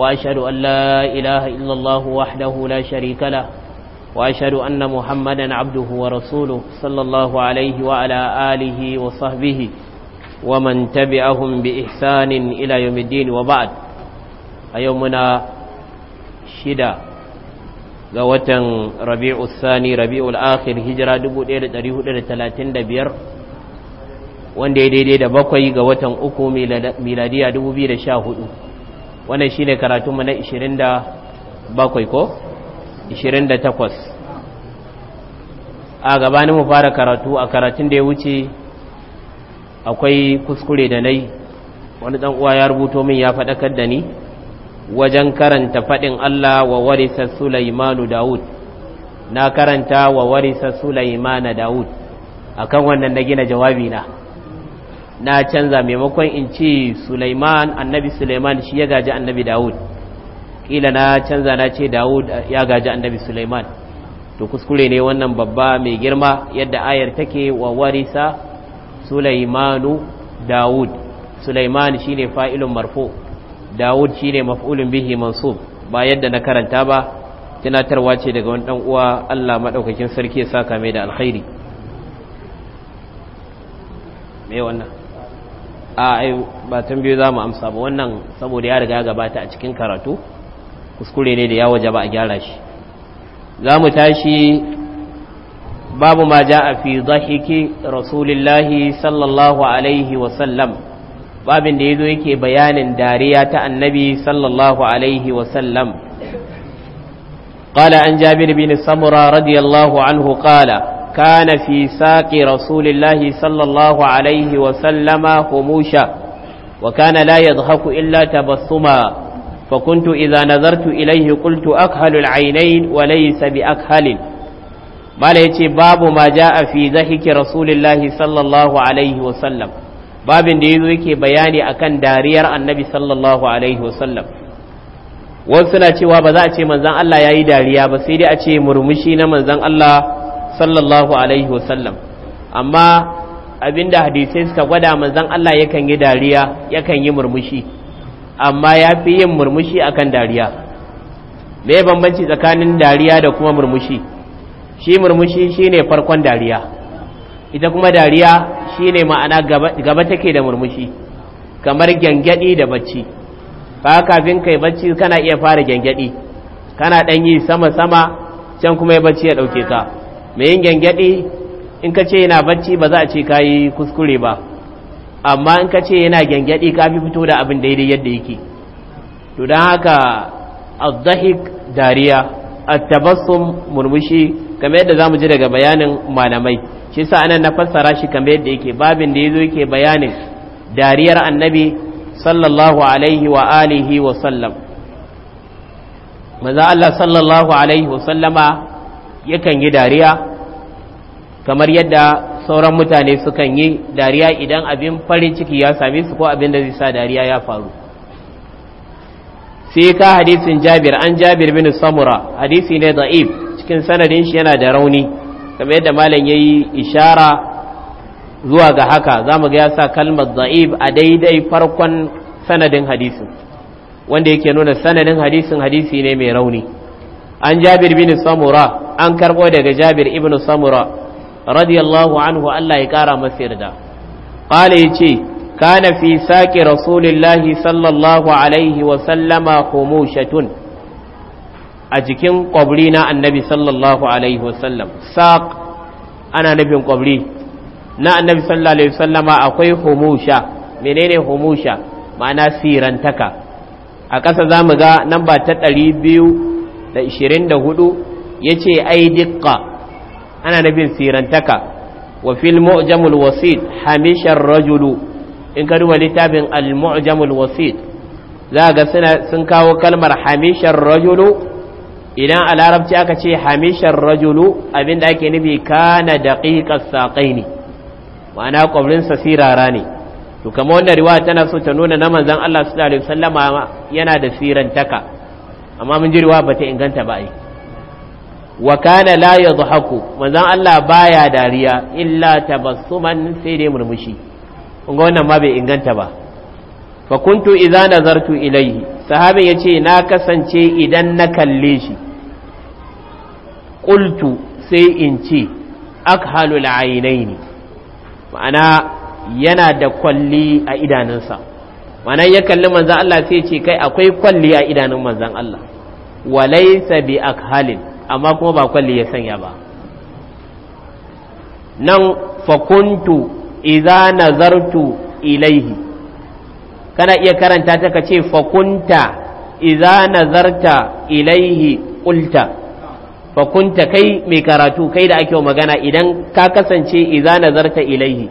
وأشهد أن لا إله إلا الله وحده لا شريك له وأشهد أن محمدا عبده ورسوله صلى الله عليه وعلى آله وصحبه ومن تبعهم بإحسان إلى يوم الدين وبعد أيومنا شدة قوة ربيع الثاني ربيع الآخر هجرة دبو دير تريه دير تلاتين دبير وان دي دي دي دبقوي قوة أكو ميلادية دبو بير شاهدو wannan shine karatunmu na 27 ko 28 a gabanin mu fara karatu a karatun da ya wuce akwai kuskure da nai wani ɗan uwa ya rubuto min ya faɗakar da ni wajen karanta faɗin Allah wa warisa Sulaimanu Dawud na karanta wa warisa Sulaimana Dawud akan wannan na gina jawabi na na canza maimakon in ce Sulaiman annabi Sulaiman shi ya gaji annabi Dawud kila na canza na ce Dawud ya gaji annabi Sulaiman to kuskure ne wannan babba mai girma yadda ayar take wa warisa Sulaimanu Dawud Sulaiman ne fa'ilun marfu Dawud shi shine maf'ulun bihi mansub ba yadda na karanta ba tunatarwa ce daga wani dan uwa Allah maɗaukakin sarki ya saka mai da alkhairi mai wannan a ba biyu za mu amsa ba wannan saboda ya riga gabata a cikin karatu kuskure ne da ya waje ba a gyara shi za mu tashi babu ma ja a fi zahiki rasulullahi sallallahu alaihi wasallam babin da ya zo yake bayanin dariya ta annabi sallallahu alaihi wasallam قال عن جابر بن سمرة رضي الله عنه قال kana fi saqi rasulillahi sallallahu alaihi wa sallama humusha wa kana la illa tabassuma fa kuntu idza nazartu ilayhi qultu akhalu al-aynayn wa laysa bi akhalin mala yace babu ma jaa fi zahiki rasulillahi sallallahu alaihi wa sallam babin da yazo yake bayani akan dariyar annabi sallallahu alaihi wa sallam wasu na cewa ba za a ce manzan Allah ya yi dariya ba sai dai a ce murmushi na manzan Allah sallallahu alaihi wasallam amma abinda hadisai suka gwada manzon Allah yakan yi dariya yakan yi murmushi amma ya fi yin murmushi akan dariya me bambanci tsakanin dariya da kuma murmushi shi murmushi shine farkon dariya ita kuma dariya shine ma'ana gaba take da murmushi kamar gyangyaɗi da bacci ba kafin kai bacci kana iya fara gyangyaɗi kana ɗan yi sama-sama can kuma ya bacci ya ɗauke ka mai yin gyangyaɗe in ka ce yana bacci ba za a ce ka yi kuskure ba amma in ka ce yana gyangyaɗe ka fi fito da abin daidai yadda yake to don haka azahik dariya a attabassum murmushi kamar yadda za mu ji daga bayanin malamai shi sa anan na fassara shi kamar yadda yake babin da ya zo yake bayanin dariyar annabi sallallahu alaihi wa alihi wa sallam maza Allah sallallahu alaihi wa sallama yakan yi dariya kamar yadda sauran mutane sukan yi dariya idan abin farin ciki ya same su ko abin da zai sa dariya ya faru sai ka hadisin jabir an jabir bin samura hadisi ne da'if cikin sanadin shi yana da rauni kamar yadda malam ya yi ishara zuwa ga haka za mu ga ya sa kalmar da'if a daidai farkon sanadin hadisin wanda yake nuna sanadin hadisin hadisi ne mai rauni an jabir bin samura an karbo daga jabir ibn samura radiyallahu anhu Allah ya kara masa yarda qala yace kana fi saqi rasulillahi sallallahu alaihi wa sallama khumushatun a jikin kwabri na annabi sallallahu alaihi wa sallam saq ana nufin kwabri na annabi sallallahu alaihi wa sallama akwai khumusha menene khumusha ma'ana sirantaka a ƙasa za mu ga namba ta 224 ya ce ai dikka ana nabin sirantaka wa fil mu'jamul wasit hamishar rajulu in ka duba littafin al mu'jamul wasit za ga sun kawo kalmar hamishar rajulu idan a larabci aka ce hamishar rajulu abinda ake nufi kana daqiqas saqaini ma'ana kwabrinsa sirara ne to kamar wannan riwaya tana so ta nuna na manzon Allah sallallahu alaihi wasallama yana da sirantaka amma mun ji riwaya bata inganta ba ai wa kana la yadhaku manzon Allah baya dariya illa tabassuman sai dai murmushi kun ga wannan ma bai inganta ba fa kuntu idza nazartu ilayhi sahabi yace na kasance idan na kalle shi qultu sai in ce akhalul aynaini ma'ana yana da kwalli a idanunsa ma'ana ya kalli manzon Allah sai ce kai akwai kwalli a idanun manzon Allah walaysa bi akhalin amma kuma ba kwalli ya sanya ba nan fakuntu iza nazartu ilaihi kana iya karanta ta kace fakunta iza nazarta ilaihi ƙulta fakunta kai mai karatu kai da ake magana idan ka kasance iza nazarta ilaihi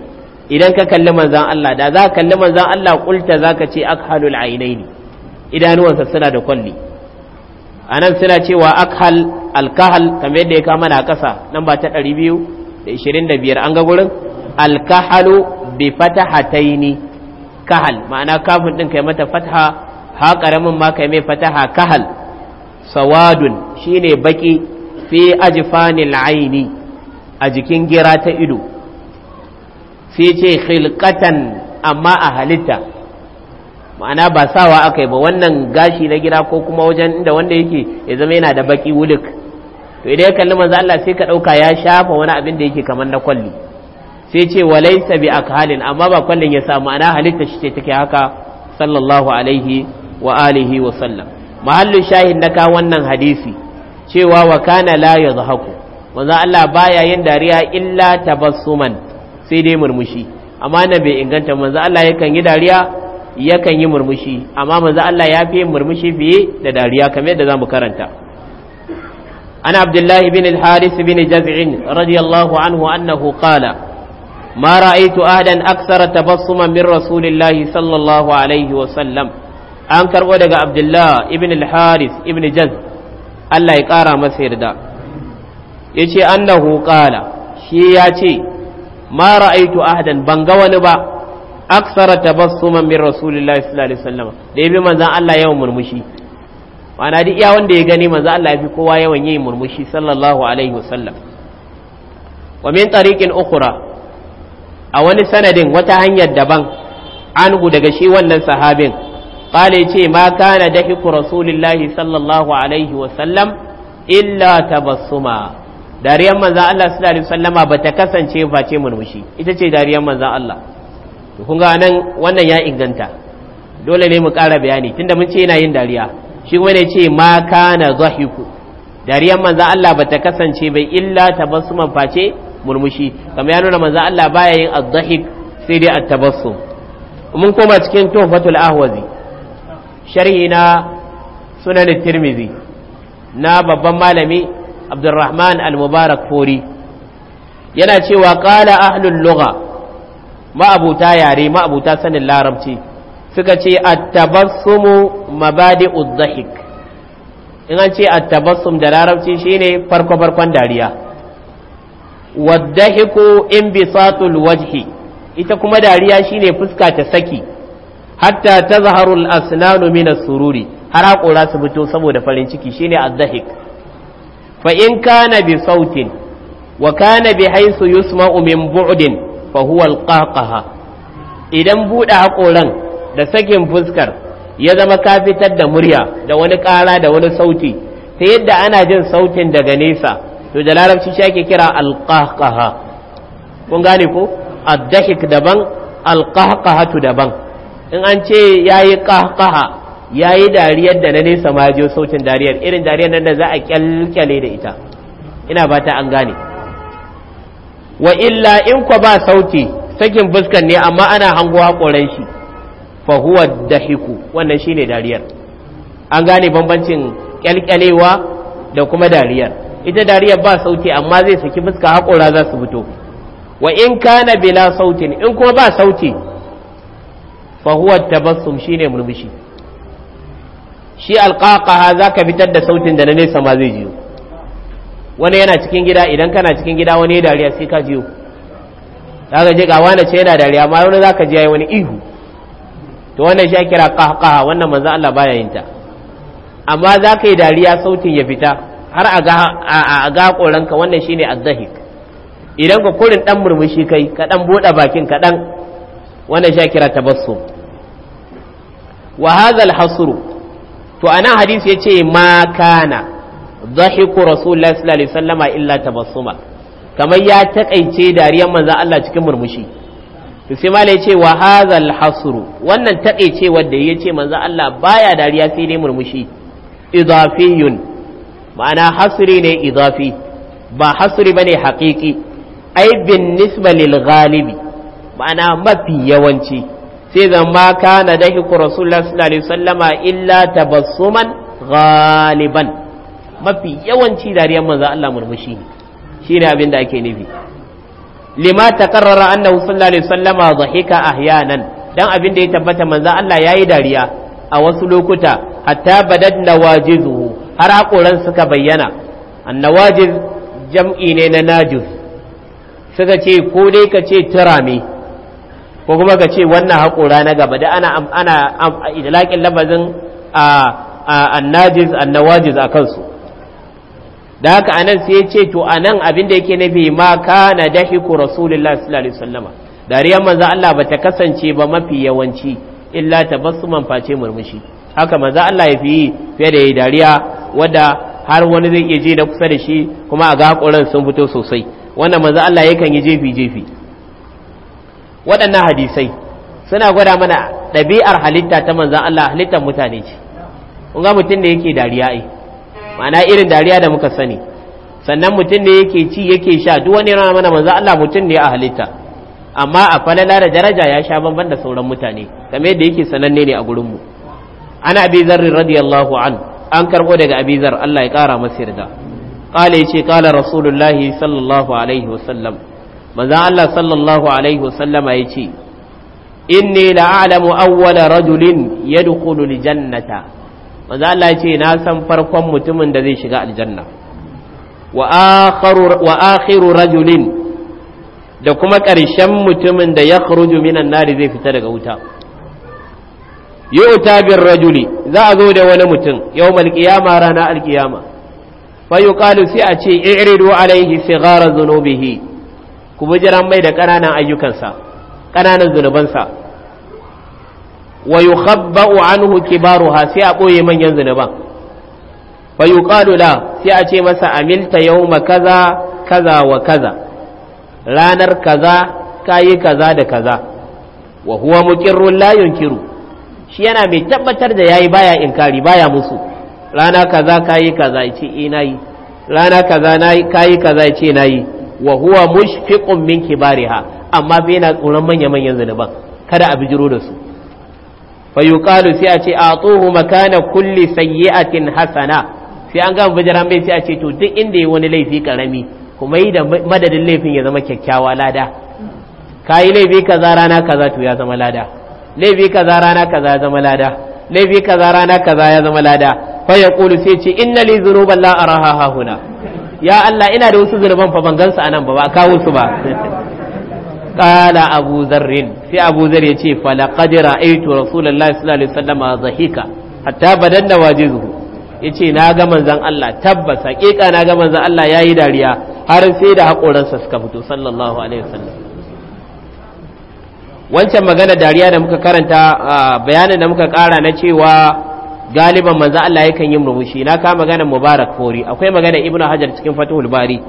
idan ka kalli manzan Allah da za ka kalli manzan Allah ƙulta za ka ce akhalul ne idanuwansa suna da kwalli a nan suna cewa akhal alkahal kamar yadda ya kama na ƙasa nan ba ta biyar an ga gurin alkahalu bi fatahataini kahal ma'ana kafin din kai mata fataha ha karamin ma kai mai fataha kahal sawadun shine baki fi ajfanil aini a jikin gira ta ido sai ce khilqatan amma a halitta ma'ana ba sawa aka yi ba wannan gashi na gida ko kuma wajen inda wanda yake ya zama yana da baki wuluk to idan ya kalli manzo Allah sai ka dauka ya shafa wani abin da yake kamar na kwalli sai ce walaysa bi akhalin amma ba kwallin ya sa ma'ana halitta shi ce take haka sallallahu alaihi wa alihi wa sallam mahallu shahin na ka wannan hadisi cewa wa kana la yadhaku manzo Allah baya yin dariya illa tabassuman sai dai murmushi amma na bai inganta manzo Allah yakan yi dariya yakan yi murmushi amma manzo Allah ya fi murmushi fiye da dariya kamar da zamu karanta an abdullahi bin al-haris bin jaz'in radiyallahu anhu annahu qala ما رأيت أهدا أكثر تبصما من رسول الله صلى الله عليه وسلم an karɓo daga abdullah ibn haris ibn jaz Allah ya ƙara masa yarda yace ce annahu ƙala shi ya ce ma ban ga wani ba aksara tabassuman min rasulillahi sallallahu alaihi wasallam da yabi manzon Allah yawan murmushi ma'ana duk iya wanda ya gani manzon Allah yafi kowa yawan yin murmushi sallallahu alaihi wasallam wa min tariqin ukhra a wani sanadin wata hanyar daban anhu daga shi wannan sahabin qala yace ma kana dahiku rasulillahi sallallahu alaihi wasallam illa tabassuma dariyar manzon Allah sallallahu alaihi wasallama bata kasance face murmushi ita ce dariyar manzon Allah to kun nan wannan ya inganta dole ne mu ƙara bayani tunda mun ce yana yin dariya shi kuma ne ce ma kana zahiku dariyan manzo Allah bata kasance bai illa tabassuman face murmushi kamar ya nuna manzo Allah baya yin ad sai dai a tabassum mun koma cikin tuhfatul ahwazi sharhi na sunan tirmizi na babban malami abdurrahman al-mubarak fori yana cewa qala ahlul lugha ma'abuta yare ma'abuta sanin larabci suka ce at-tabassumu mabadi'ud dhahik in an ce a tabassum da larabci shine farko farkon dariya wad in inbisatul wajhi ita kuma dariya shine fuska ta saki hatta tazharu al-asnanu min sururi har hakora su fito saboda farin ciki shine azdahik fa in kana bi sautin wa kana bi haythu yusma'u min bu'din fa huwa idan buɗe haƙoran da sakin fuskar ya zama ka fitar da murya da wani ƙara da wani sauti ta yadda ana jin sautin daga nesa to da larabci shi ake kira alqaqaha kun gane ko addahik daban tu daban in an ce yayi ƙaƙaha ya yi dariyar da na nesa ma sautin dariyar irin dariyar nan da za a kyalkyale da ita ina ba ta an gane wa illa in kwa ba sauti sakin fuskan ne amma ana hango haƙoran shi fa huwa dahiku wannan shine dariyar an gane bambancin kyalkyalewa da kuma dariyar ita dariyar ba sauti amma zai saki fuska hakora za su fito wa in kana bila sauti in kuma ba sauti fa huwa tabassum shine murmushi shi za zaka fitar da sautin da na nesa ma zai jiyo wani yana cikin gida idan kana cikin gida wani ya dariya sai ka jiyo zaka je ga wani ce yana dariya amma wani za ka je wani ihu to wannan shi kira qahqaha wannan manzan Allah baya yin ta amma za ka yi dariya sautin ya fita har a ga ƙoranka wannan koranka wannan shine azzahik idan ka kurin ɗan murmushi kai ka dan bude bakin ka dan wannan shi kira tabassum wa hadha al-hasru to anan hadisi yace ma kana dhahiku rasulullahi sallallahu alaihi wasallama illa tabassuma kamar ya taƙaice dariyar manza Allah cikin murmushi to sai ce wa hadhal hasru wannan takaice wanda yace manza Allah baya dariya sai dai murmushi idafiyun ma'ana hasri ne idafi ba hasri bane haqiqi ai bin nisba lil ghalibi ma'ana mafi yawanci sai zama kana dahiku rasulullahi sallallahu alaihi wasallama illa tabassuman ghaliban mafi yawanci dariyar manza Allah murmushi ne shine abin da ake nufi lima taqarrara annahu sallallahu alaihi wasallama dhahika ahyanan dan abin da ya tabbata manza Allah ya yi dariya a wasu lokuta hatta badad nawajizuhu har haƙoran suka bayyana annawajiz jam'i ne na najis suka ce ko dai ka ce turame ko kuma ka ce wannan haƙora na gaba da ana ana idlaqin labazin a annajiz annawajiz a kansu da haka anan sai ya ce to anan abin da yake nufi ma kana ku rasulullah sallallahu alaihi wasallama dariyar manzo Allah bata kasance ba mafi yawanci illa tabassuman face murmushi haka manzo Allah ya fi fiye da dariya wanda har wani zai iya je da kusa da shi kuma a ga hakuran sun fito sosai wanda manzo Allah yakan yi jefi jefi waɗannan hadisai suna gwada mana ɗabi'ar halitta ta manzo Allah halittar mutane ce kun ga mutum da yake dariya ai ma'ana irin dariya da muka sani sannan mutum ne yake ci yake sha duk wani rana mana manzo Allah mutum ne a halitta amma a falala da daraja ya sha banban da sauran mutane kamar yadda yake sananne ne a gurin mu ana abi radiyallahu an an karbo daga abi zar Allah ya kara masa yarda qala yace qala rasulullahi sallallahu alaihi wasallam manzo Allah sallallahu alaihi wasallam yace inni la'alamu awwala rajulin yadkhulu jannata. manzo Allah ce na san farkon mutumin da zai shiga aljanna wa akhiru wa akhiru rajulin da kuma ƙarshen mutumin da ya kharuju minan nari zai fita daga wuta yu'ta bir rajuli za a zo da wani mutum yawmal qiyama rana alqiyama fa yuqalu sai a ce i'ridu alaihi sigara dhunubihi ku jiran mai da ƙananan ayyukansa ƙananan zunubansa wa yukhabba'u anhu kibaruha sai a ɓoye manyan zunuban fa yuqalu la sai a ce masa amilta yawma kaza kaza wa kaza ranar kaza kayi kaza da kaza wa huwa muqirrun la yunkiru shi yana mai tabbatar da yayi baya inkari baya musu rana kaza kayi kaza yace eh nayi rana kaza nayi kayi kaza yace nayi wa huwa mushfiqun min kibariha amma bai yana tsoron manya manyan zunuban kada a bijiro da su fa yuqalu sai a ce a tsohu makana kulli sayyi'atin hasana sai an gama bijiran bai sai a ce to duk inda ya wani laifi karami kuma yi da madadin laifin ya zama kyakkyawa lada Ka yi laifi kaza rana kaza to ya zama lada laifi kaza rana kaza ya zama lada laifi kaza rana kaza ya zama lada fa Kulu sai ce inna li dhunuban la araha huna ya Allah ina da wasu zunuban fa ban gansu anan ba ba kawo su ba qala abu zarrin sai abu zar ya ce falaqad ra'aytu rasulullahi sallallahu alaihi wasallam zahika hatta badanna wajizuhu yace na ga manzon Allah tabbas hakika na ga manzon Allah yayi dariya har sai da hakoransa suka fito sallallahu alaihi wasallam wancan magana dariya da muka karanta bayanin da muka kara na cewa galiban manzon Allah yakan yi murmushi na ka magana mubarak fori akwai magana ibnu hajar cikin fatuhul bari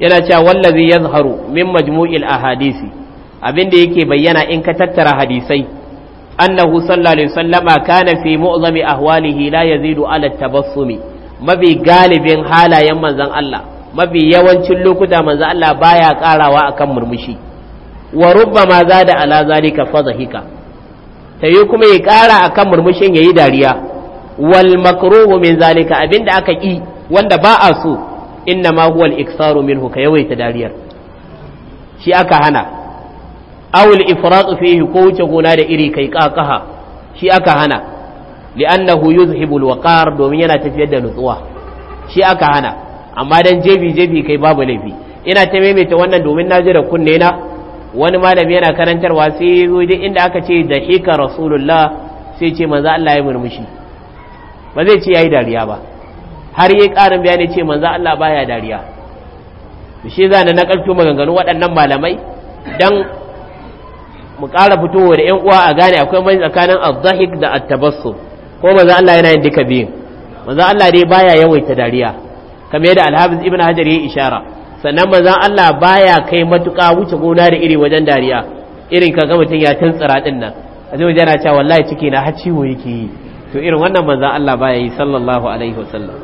yana cewa wallazi yazharu min majmu'il ahadisi abin da yake bayyana in ka tattara hadisai annahu sallallahu alaihi wasallama kana fi mu'zami ahwalihi la yazidu ala tabassumi mabi galibin halayen manzan Allah mabi yawancin lokuta manzon Allah baya karawa akan murmushi wa rubbama zada ala zalika fadhika tayi kuma ya kara akan murmushin yayi dariya wal makruhu min zalika abinda aka ki wanda ba a so inna ma huwa al iksaru minhu ka yawaita dariyar shi aka hana awul ifratu fihi ko wuce gona da iri kai kakaha shi aka hana li'annahu yuzhibu alwaqar domin yana tafiyar da nutsuwa shi aka hana amma dan jebi jebi kai babu laifi ina ta maimaita wannan domin na ji da kunne na wani malami yana karantarwa sai zo duk inda aka ce da hika rasulullah sai ce manzo Allah ya murmushi ba zai ce yayi dariya ba har yi karin bayani ce manzo Allah baya dariya shi zana na karfi maganganu waɗannan malamai dan mu ƙara fitowa da 'yan uwa a gane akwai mai tsakanin al-zahik da at-tabassum ko manzo Allah yana yin duka biyun manzo Allah dai baya yawaita dariya kamar yadda al-hafiz ibn hajar ya ishara sannan manzo Allah baya kai matuƙa wuce gona da iri wajen dariya irin kaga mutum ya tantsara din nan a azumi yana cewa wallahi ciki na har ciwo yake yi to irin wannan manzo Allah baya yi sallallahu alaihi wasallam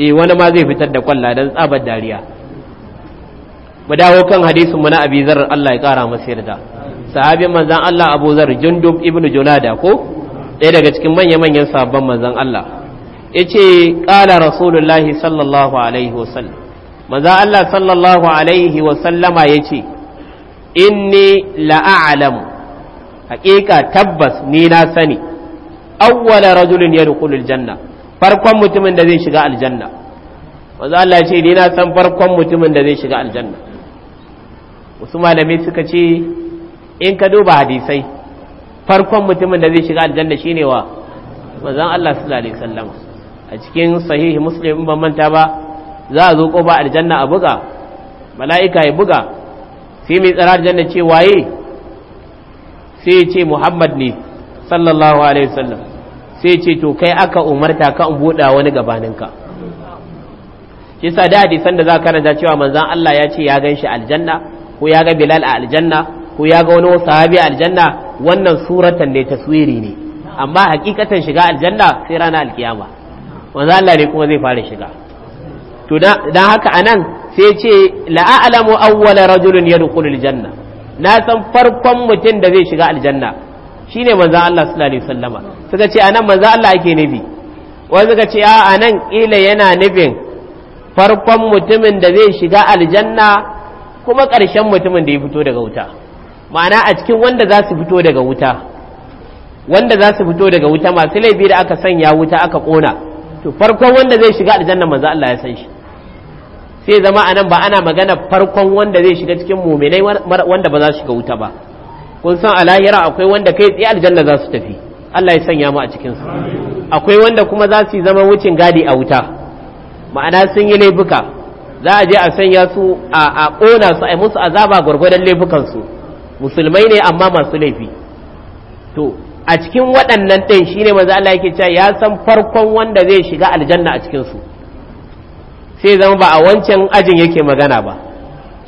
eh wani ma zai fitar da kwalla dan tsabar dariya mu dawo kan hadisin mu na abi zarar Allah ya kara masa yarda sahabin manzan Allah Abu Zar Jundub ibn Junada ko ɗaya daga cikin manya-manyan sabon manzan Allah ya ce qala rasulullahi sallallahu alaihi wasallam manzan Allah sallallahu alaihi wasallama yace inni la'alamu haƙiƙa tabbas ni na sani awwala rajulin yadkhulul janna farkon mutumin da zai shiga aljanna manzo Allah ya ce ni na san farkon mutumin da zai shiga aljanna wasu malamai suka ce in ka duba hadisai farkon mutumin da zai shiga aljanna shine wa manzon Allah sallallahu alaihi wasallam a cikin sahihi muslim ban manta ba za a zo kofa aljanna a buga mala'ika ya buga sai mai tsara aljanna ce waye sai ya ce Muhammad ne sallallahu alaihi wasallam sai ce to kai aka umarta ka in buɗa wani ka shi sa da hadisan da za ka karanta cewa manzon Allah ya ce ya gan shi aljanna ko ya ga Bilal a aljanna ko ya ga wani sahabi aljanna wannan suratan ne taswiri ne amma hakikatan shiga aljanna sai ranar alkiyama manzo Allah ne kuma zai fara shiga to dan haka anan sai ce la'alamu awwala rajulun yadkhulu aljanna na san farkon mutum da zai shiga aljanna shine manzo Allah sallallahu alaihi wasallama suka ce anan manzo Allah ake nufi wai suka ce a anan ila yana nufin farkon mutumin da zai shiga aljanna kuma ƙarshen mutumin da ya fito daga wuta ma'ana a cikin wanda za su fito daga wuta wanda za su fito daga wuta masu laifi da aka sanya wuta aka kona to farkon wanda zai shiga aljanna manzo Allah ya san shi sai zama anan ba ana magana farkon wanda zai shiga cikin muminai wanda ba za su shiga wuta ba kun san a lahira akwai wanda kai tsaye aljanna za su tafi Allah ya sanya mu a cikin su akwai wanda kuma za su zama wucin gadi a wuta ma'ana sun yi laifuka za a je a sanya su a kona su a musu azaba gwargwadon laifukan su musulmai ne amma masu laifi to a cikin waɗannan ɗin shi ne maza Allah yake cewa ya san farkon wanda zai shiga aljanna a cikinsu sai zama ba a wancan ajin yake magana ba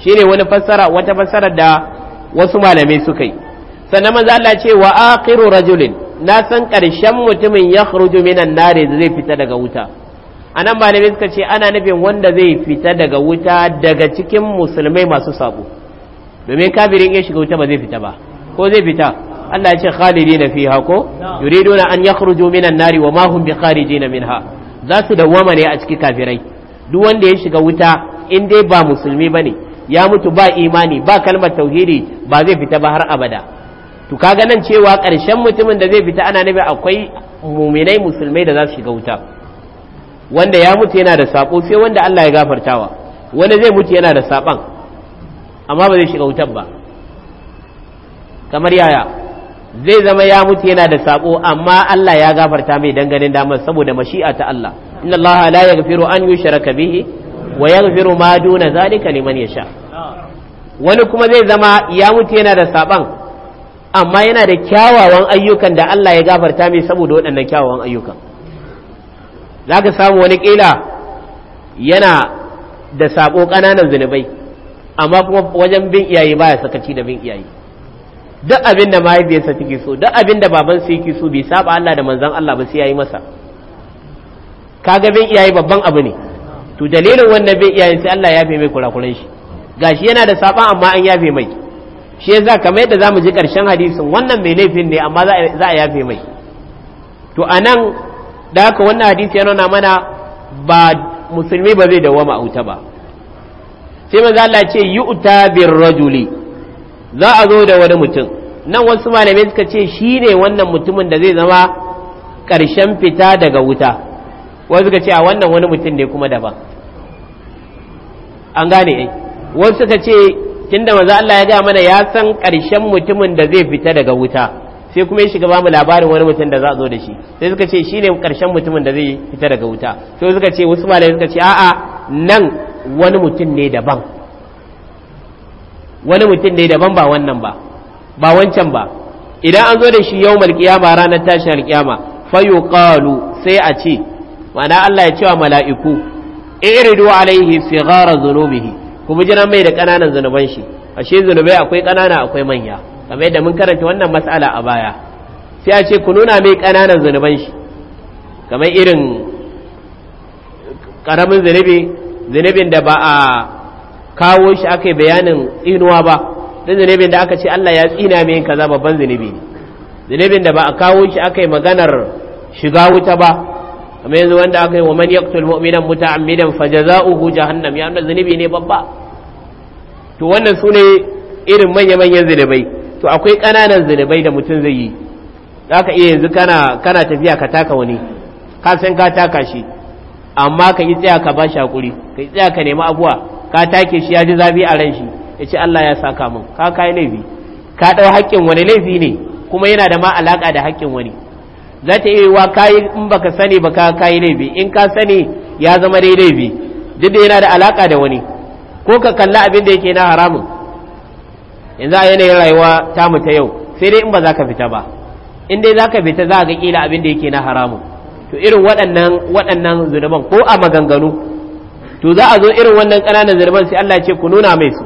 shi ne wani fassara wata fassara da wasu malamai suka yi sannan maza Allah ce wa akhiru rajulin na san ƙarshen mutumin ya khruju minan nare zai fita daga wuta anan malamai suka ce ana nufin wanda zai fita daga wuta daga cikin musulmai masu sabo domin kafirin ya shiga wuta ba zai fita ba ko zai fita Allah ya ce fi fiha ko yuriduna an yakhruju minan nari wa ma hum bikharijina minha za su wama ne a cikin kafirai duk wanda ya shiga wuta in dai ba musulmi ba ne ya mutu ba imani ba kalmar tauhidi ba zai fita ba har abada to kaga nan cewa ƙarshen mutumin da zai fita ana nabi akwai muminai musulmai da za su shiga wuta wanda ya mutu yana da sako sai wanda Allah ya gafartawa wani zai mutu yana da saban amma ba zai shiga wutar ba kamar yaya zai zama ya mutu yana da saɓo amma Allah ya gafarta mai danganin damar saboda mashi'a ta Allah inna Allah la yaghfiru an yushraka bihi wa yaghfiru ma duna zalika liman yasha wani kuma zai zama ya mutu yana da saban amma yana da kyawawan ayyukan da Allah ya gafarta mai saboda waɗannan kyawawan ayyukan zaka samu wani kila yana da saɓo ƙananan zunubai amma kuma wajen bin iyaye baya sakaci da bin iyaye duk abin da mahaifiyarsa take so duk abin da su yake so bai saba Allah da manzon Allah ba sai yayi masa kaga bin iyaye babban abu ne to dalilin wannan bin iyaye sai Allah ya fi mai kurakuran shi gashi yana da saba amma an yafe mai shi yasa kamar yadda zamu ji karshen hadisin wannan mai laifin ne amma za a yafe mai to anan da haka wannan hadisi yana nuna mana ba musulmi ba zai dawama a auta ba sai manzo Allah ce yu'ta bir rajuli za a zo da wani mutum nan wasu malamai suka ce shine wannan mutumin da zai zama ƙarshen fita daga wuta wasu suka ce a wannan wani mutum ne kuma daban an gane ai eh. wasu suka ce tunda manzo Allah ya ga mana ya san ƙarshen mutumin da zai fita daga wuta sai kuma ya shiga bamu labarin wani mutum da za a zo da shi sai suka ce shine ƙarshen mutumin da zai fita daga wuta sai suka ce wasu malamai suka ce a'a nan wani mutum ne daban wani mutum ne daban ba wannan ba ba wancan ba idan an zo da shi yau malkiyama ranar tashin alkiyama fayo ƙalu sai a ce mana Allah ya ce wa mala'iku iridu alaihi gara zunubihi bi jiran mai da ƙananan zunuban shi ashe zunubai akwai ƙanana akwai manya kamar yadda mun karanta wannan matsala a baya sai a ce ku nuna mai ƙananan zunuban shi kamar irin ƙaramin zunubi zunubin da ba a kawo shi aka bayanin tsinuwa ba don zunubin da aka ce Allah ya tsina mai yin kaza babban zunubi ne zunubin da ba a kawo shi aka yi maganar shiga wuta ba kamar yanzu wanda aka yi wa man yaqtul mu'minan muta'ammidan fajaza'uhu jahannam ya wannan zunubi ne babba to wannan sune irin manya manyan zunubai to akwai kananan zunubai da mutum zai yi zaka iya yanzu kana kana tafiya ka taka wani ka san ka taka shi amma ka yi tsaya ka ba shi hakuri ka yi tsaya ka nemi abuwa ka take shi ya ji zafi a ran shi ya ce Allah ya saka mun ka kai laifi ka ɗau hakkin wani laifi ne kuma yana da ma alaƙa da haƙƙin wani za ta iya wa kayi in baka sani ba ka kayi laifi in ka sani ya zama dai laifi duk da yana da alaƙa da wani ko ka kalla abin da yake na haramun yanzu a yanayin rayuwa tamu ta yau sai dai in ba za ka fita ba in dai za ka fita za a ga kila abin da yake na haramun to irin waɗannan waɗannan zunuban ko a maganganu to za a zo irin wannan ƙananan zunuban sai Allah ce ku nuna mai su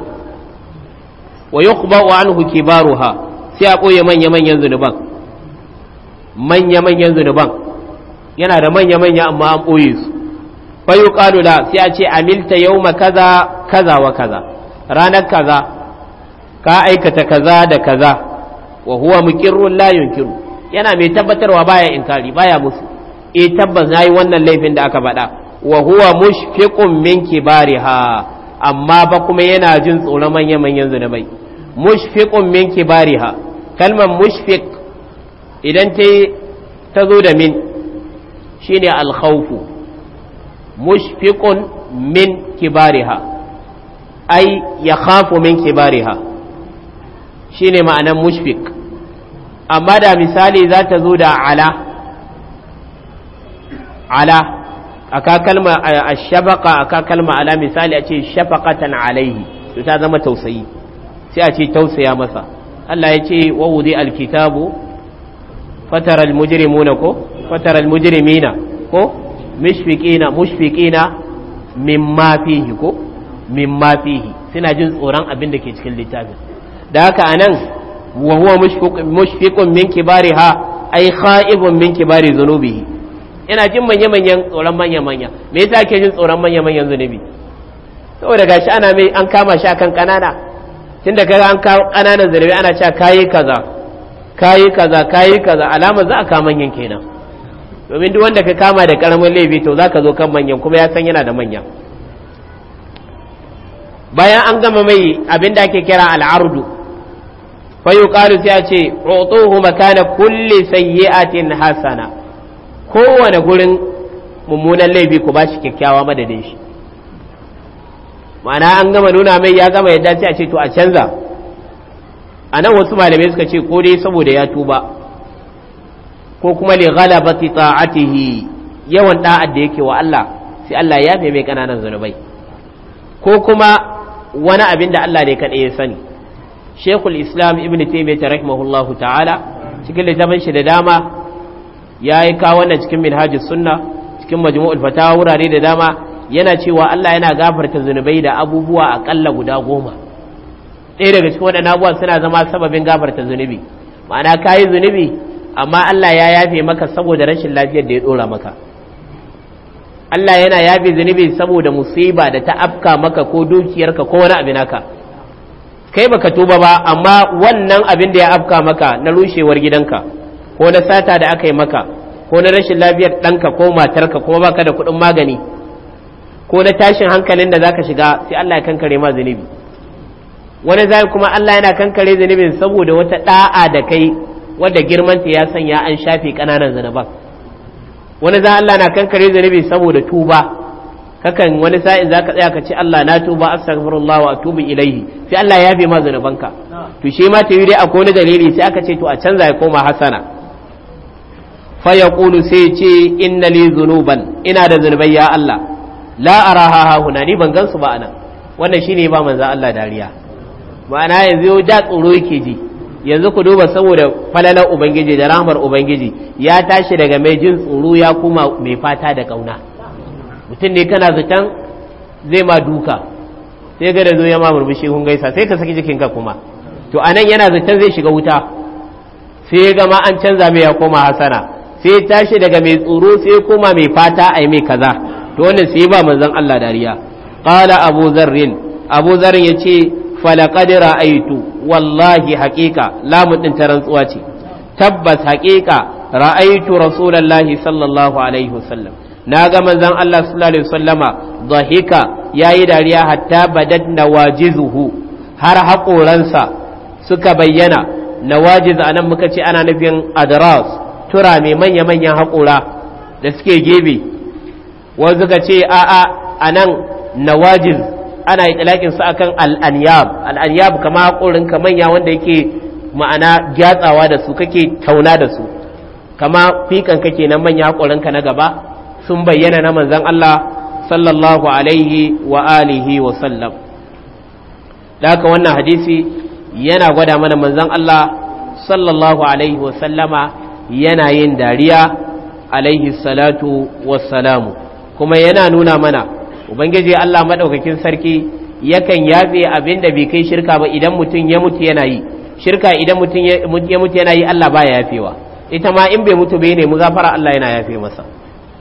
wa yuqba wa anhu kibaruha sai a ɓoye manya manyan zunuban manya manyan zunuban yana da manya manya amma an ɓoye su fa yuqalu la sai a ce amilta yawma kaza kaza wa kaza ranar kaza ka aikata kaza da kaza wa huwa muqirrun la yunkiru yana mai tabbatarwa baya inkari baya musu e tabbas nayi wannan laifin da aka faɗa wa huwa mushfiqun min kibariha amma ba kuma yana jin tsoron manyan manyan zunubai mushfiqun min kibariha kalmar mushfiq idan ta ta zo da min shine alkhawfu mushfiqun min kibariha ai ya khafu min kibariha shine ma'anan mushfiq amma da misali za ta zo da ala ala aka kalma a shabaka aka kalma ala misali a ce shafaqatan alaihi to ta zama tausayi sai a ce tausaya masa Allah ya ce wa wudi kitabu fatara almujrimuna ko fatara almujrimina ko mushfiqina mushfiqina mimma fihi ko mimma fihi suna jin tsoron abin da ke cikin littafin da haka anan wa huwa mushfiqun min kibariha ay kha'ibun min kibari dhunubihi yana jin manya-manyan tsoron manya-manya me yasa ake jin tsoron manya-manyan zunubi saboda gashi ana mai an kama shi akan kanana da kaga an kawo kananan zunubi ana cewa kayi kaza kayi kaza kayi kaza alamar za a kama manyan kenan domin duk wanda ka kama da karamin laifi to zaka zo kan manyan kuma ya san yana da manya bayan an gama mai abin da ake kira al'ardu fa yuqalu sai a ce utuhu makana kulli sayyi'atin hasana kowane gurin mummunan laifi ku ba shi kyakkyawa madadin shi ma'ana an gama nuna mai ya gama yadda sai a ce to a canza a nan wasu malamai suka ce ko dai saboda ya tuba ko kuma li ghalabati ta'atihi yawan da'ad da yake wa Allah sai Allah ya mai kananan zunubai ko kuma wani abin da Allah ne kadai ya sani shekul Islam Ibn Taymiyyah rahimahullahu ta'ala cikin littafin shi da dama ya yi kawo wannan cikin minhajus sunna cikin majmu'ul fatawa wurare da dama yana cewa Allah yana gafarta zunubai da abubuwa akalla guda goma ɗaya daga cikin waɗannan abubuwan suna zama sababin gafarta zunubi ma'ana ka yi zunubi amma Allah ya yafe maka saboda rashin lafiyar da ya ɗora maka Allah yana yafe zunubi saboda musiba da ta afka maka ko dukiyarka ko wani abin naka kai baka tuba ba amma wannan abin da ya afka maka na rushewar gidanka ko na sata da aka yi maka ko na rashin lafiyar ɗanka ko matarka kuma baka da kuɗin magani ko na tashin hankalin da zaka shiga sai Allah ya kankare ma zunubi wani zai kuma Allah yana kankare zunubin saboda wata da'a da kai wadda girmanta ya sanya an shafe ƙananan zunuban wani za Allah na kankare zunubi saboda tuba kakan wani sa'in za ka tsaya ka ce Allah na tuba astaghfirullah wa atubu ilaihi sai Allah ya bi ma zanubanka to shi ma yi dai akwai wani dalili sai aka ce to a canza ya koma hasana fa Kulu sai ce inna li zunuban ina da zunubai ya Allah la araha ha ni ban gansu ba anan wannan shine ba manzo Allah dariya ma'ana yanzu da tsoro yake ji yanzu ku duba saboda falalar ubangiji da rahmar ubangiji ya tashi daga mai jin tsoro ya kuma mai fata da kauna mutum ne kana zaton zai ma duka sai ga da zo ya ma murmushi kun gaisa sai ka saki jikinka kuma to anan yana zaton zai shiga wuta sai ya gama an canza mai ya koma hasana sai tashi daga mai tsoro sai kuma mai fata a yi mai kaza to wannan sai ba manzon Allah dariya qala abu zarrin abu zarrin yace falaqad ra'aytu wallahi haqiqa lamun din tarantsuwa ce tabbas haqiqa Ra'aitu, rasulullahi sallallahu alaihi wasallam ga manzon Allah sallallahu alaihi wasallama dhahika yayi dariya hatta badad nawajizuhu har haƙoransa suka bayyana nawajiz anan muka ce ana nufin adras tura mai manya-manyan haƙura da suke gebe wanzu ka ce a'a a nan wajin ana yi su a kan al'anyab al'anyab kama haƙorinka manya wanda yake ma'ana gyatsawa da su kake tauna da su kama fikan kake nan manya haƙorinka na gaba sun bayyana na manzan Allah sallallahu alaihi wa alihi wa sallam da haka wannan hadisi yana gwada mana manzan Allah sallallahu alaihi wa sallama yana yin dariya alaihi salatu wassalamu kuma yana nuna mana ubangiji Allah madaukakin sarki yakan yabe abinda da bai kai shirka ba idan mutum ya mutu yana yi shirka idan mutum ya mutu yana yi Allah baya yafewa ita ma in bai mutu bai nemi gafara Allah yana yafe masa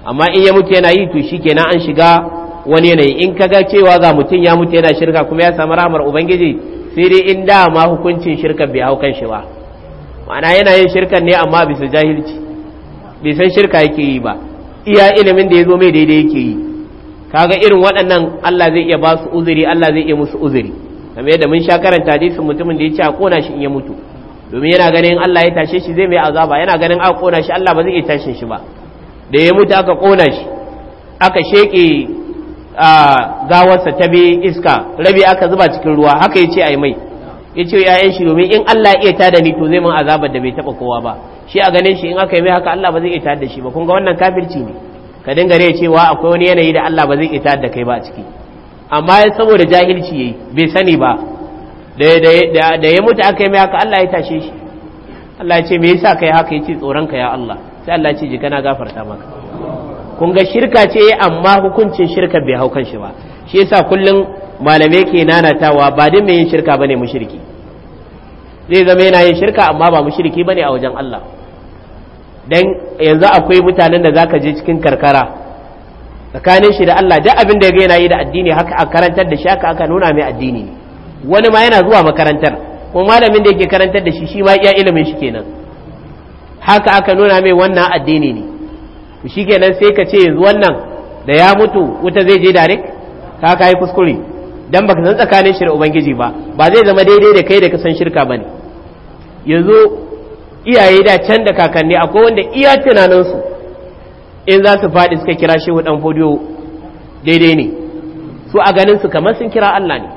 amma in ya mutu yana yi to shikenan an shiga wani yanayi in kaga cewa ga mutum ya mutu yana shirka kuma ya samu ramar ubangiji sai dai in da ma hukuncin shirka bai hau kan shi ba ma'ana yana yin shirkan ne amma bisa jahilci bai san shirka yake yi ba iya ilimin da ya zo mai daidai yake yi kaga irin waɗannan Allah zai iya ba su uzuri Allah zai iya musu uzuri kamar yadda mun sha karanta hadisin mutumin da ya ce a kona shi in ya mutu domin yana ganin Allah ya tashe shi zai mai azaba yana ganin a kona shi Allah ba zai iya tashin shi ba da ya mutu aka kona shi aka sheke a ah, gawarsa ta bi iska rabi aka zuba cikin ruwa haka ya ce a yi mai ya ce yayan shi domin in Allah ya iya da ni to zai mun azabar da bai taba kowa ba shi a ganin shi in aka yi mai haka Allah ba zai ita da shi ba kun ga wannan kafirci ne ka dinga rai cewa akwai wani yanayi da Allah ba zai ita da kai ba a ciki amma saboda jahilci yayi bai sani ba da ya mutu aka yi mai haka Allah ya tashe shi Allah ya ce me yasa kai haka yace tsoron ka ya Allah sai Allah ya ce ji kana gafarta maka kun ga shirka ce amma hukuncin shirka bai hau kan shi ba shi yasa kullum malamai ke nanatawa ba din mai yin shirka bane mushriki zai zama yana yin shirka amma ba mushriki bane a wajen Allah dan yanzu akwai mutanen da zaka je cikin karkara tsakanin shi da Allah duk abin da ya ga yana yi da addini haka a karantar da shi haka aka nuna mai addini wani ma yana zuwa makarantar kuma malamin da yake karantar da shi shi ma iya ilimin shi kenan haka aka nuna mai wannan addini ne to kenan sai ka ce yanzu wannan da ya mutu wuta zai je direct ka kai kuskure dan baka san tsakanin shi da ubangiji ba ba zai zama daidai da kai da ka san shirka bane yanzu iyaye da can da kakanni akwai wanda iya tunaninsu in za su faɗi suka kira shehu ɗan fodiyo daidai ne su a ganin su kamar sun kira Allah ne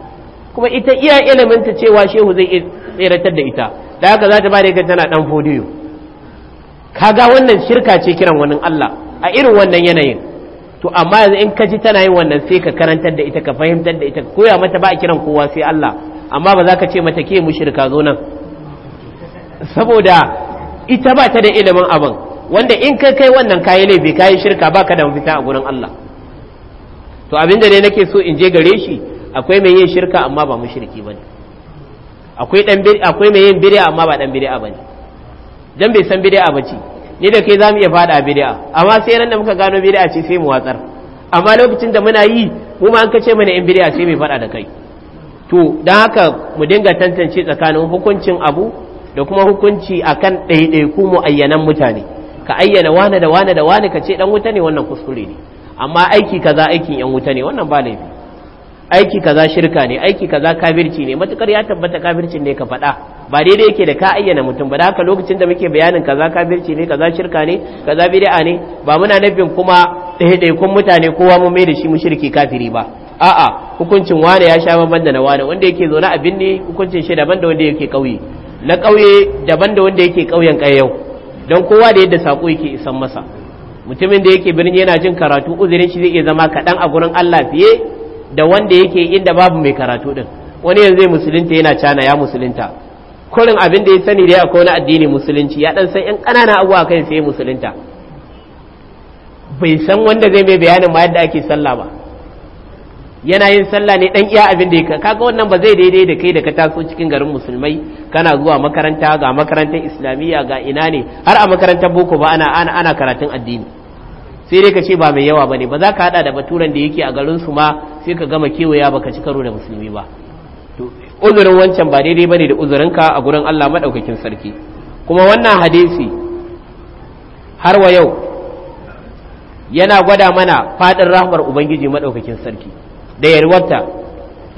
kuma ita iya iliminta cewa shehu zai tseratar da ita da haka za ta ba da tana ɗan fodiyo kaga wannan shirka ce kiran wani Allah a irin wannan yanayin to amma yanzu in ka ji tana yin wannan sai ka karantar da ita ka fahimtar da ita ka koya mata ba a kiran kowa sai Allah amma ba za ka ce mata ke mu shirka zo nan saboda ita ba ta da ilimin abin wanda in ka kai wannan kayi laifi kayi shirka ba ka da mafita a gurin Allah to abinda ne nake so in je gare shi akwai mai yin shirka amma ba mushriki bane akwai dan akwai mai yin bid'a amma ba dan bid'a bane dan bai san bid'a ce, ni da kai zamu iya fada bid'a amma sai ran da muka gano bid'a ce sai mu watsar amma lokacin da muna yi mu ma an kace mana in bid'a sai mai fada da kai to dan haka mu dinga tantance tsakanin hukuncin abu da kuma hukunci akan ɗaiɗaiku mu ayyanan mutane ka ayyana wane da wane da wane ka ce ɗan wuta ne wannan kuskure ne amma aiki kaza aikin yan wuta ne wannan ba laifi aiki kaza shirka ne aiki kaza kafirci ne matukar ya tabbata kafircin ne ka faɗa ba daidai yake da ka ayyana mutum ba da haka lokacin da muke bayanin kaza kafirci ne kaza shirka ne kaza bid'a ne ba muna nufin kuma ɗaiɗaikun mutane kowa mu mai da shi mu shirki kafiri ba a'a hukuncin wane ya sha bamban da na wane wanda yake zaune a ne hukuncin shi daban da wanda yake kauye na ƙauye daban da wanda yake ƙauyen ƙayyau don kowa da yadda saƙo yake isan masa mutumin da yake birni yana jin karatu uzurin shi zai zama kaɗan a gurin Allah fiye da wanda yake inda babu mai karatu din wani yanzu musulunta yana cana ya musulunta kurin abin da ya sani da ya akwai wani addini musulunci ya ɗan san yan ƙanana abubuwa kai sai musulunta bai san wanda zai mai bayanin ma yadda ake sallah ba yana yin sallah ne dan iya abin da ya kaga wannan ba zai daidai da kai da ka taso cikin garin musulmai kana zuwa makaranta ga makarantar islamiyya ga ina ne har a makarantar boko ba ana ana, ana karatun addini sai dai ka ce ba mai yawa bane ba za ka hada da baturan da yake a garin su ma sai ka gama kewaya baka ci karo da musulmi ba to uzurin wancan ba daidai bane da uzurin ka a gurin Allah madaukakin sarki kuma wannan hadisi har wa yau yana gwada mana fadin rahmar ubangiji madaukakin sarki da yarwarta